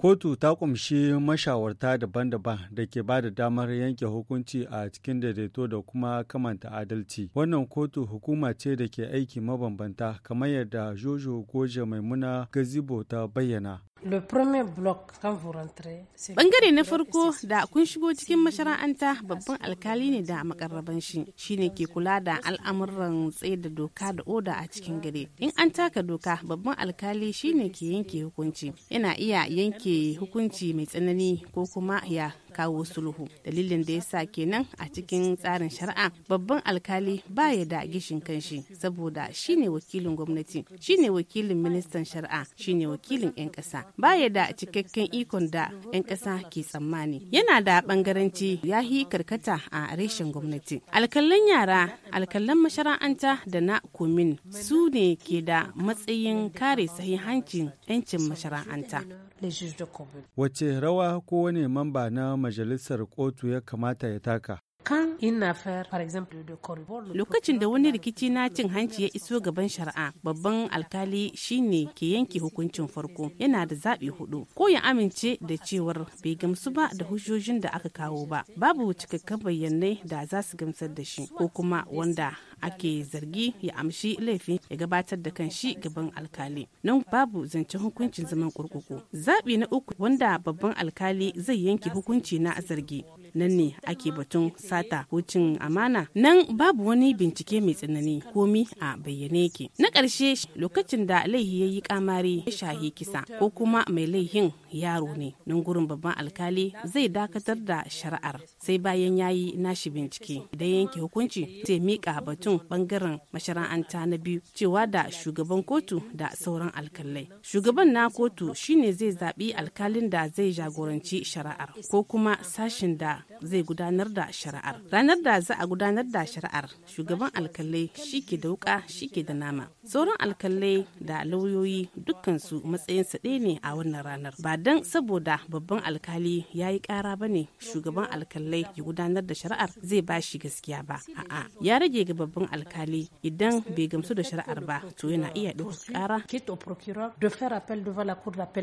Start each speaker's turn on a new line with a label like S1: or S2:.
S1: Kotu ta ƙumshi mashawarta daban-daban da ke ba da damar yanke hukunci a cikin daidaito da kuma kamanta adalci. Wannan kotu hukuma ce da ke aiki mabambanta kamar yadda Jojo Goje Maimuna Gazibo ta bayyana.
S2: Bangare na farko da kun shigo cikin mashara'anta babban alkali ne da makarraban shi shine ke kula da al'amuran tsaye da doka da oda a cikin gare In an taka doka babban alkali shine ke yanke hukunci. Yana iya yanke hukunci mai tsanani ko kuma ya kawo sulhu dalilin da ya yasa kenan a cikin tsarin shari'a babban alkali ba ya da gishin kanshi saboda shine wakilin gwamnati shine wakilin ministan shari'a shine wakilin 'yan kasa ba ya da cikakken ikon da 'yan kasa ke tsammani yana da bangaranci ya yi karkata a reshen gwamnati alkalan yara alkalan mashara'anta da na komin su ne ke da matsayin kare sahihancin 'yancin mashara'anta
S1: Wace rawa kowane mamba na majalisar kotu ya kamata ya taka?
S2: lokacin da wani rikici na cin hanci ya iso gaban shari'a babban alkali shine ke yanke hukuncin farko yana da zaɓi hudu ko ya amince da cewar bai gamsu ba da hujjojin da aka kawo ba babu cikakken bayyanai da za su gamsar da shi ko kuma wanda ake zargi ya amshi laifin ya gabatar da kan shi gaban alkali nan babu zancen hukuncin zaman kurkuku zaɓi na uku wanda babban alkali zai yanke hukunci na zargi nan ne ake batun sata ko cin amana nan babu wani bincike mai tsanani komi a bayyane yake na ƙarshe lokacin da laihi ya yi kamari ya shahi kisa ko kuma mai laihin yaro ne nan gurin babban alkali zai dakatar da shari'ar sai bayan ya yi nashi bincike idan yanke hukunci zai miƙa batun kotun bangaren mashara'anta na biyu cewa da shugaban kotu da sauran alkalai shugaban na kotu shine zai zaɓi alkalin da zai jagoranci shari'ar ko kuma sashin da zai gudanar da shari'ar ranar da za a gudanar da shari'ar shugaban alkalai shi ke da wuka shi ke da nama sauran alkalai da lauyoyi dukkansu matsayinsa ɗaya ne a wannan ranar ba don saboda babban alkali ya yi ƙara ba ne shugaban alkalai ya gudanar da shari'ar zai ba shi gaskiya ba a'a ya rage ga babban al-Kali et donc il y a un peu de chère Arba qui est en IADO. Quitte au procureur de faire appel devant la cour d'appel.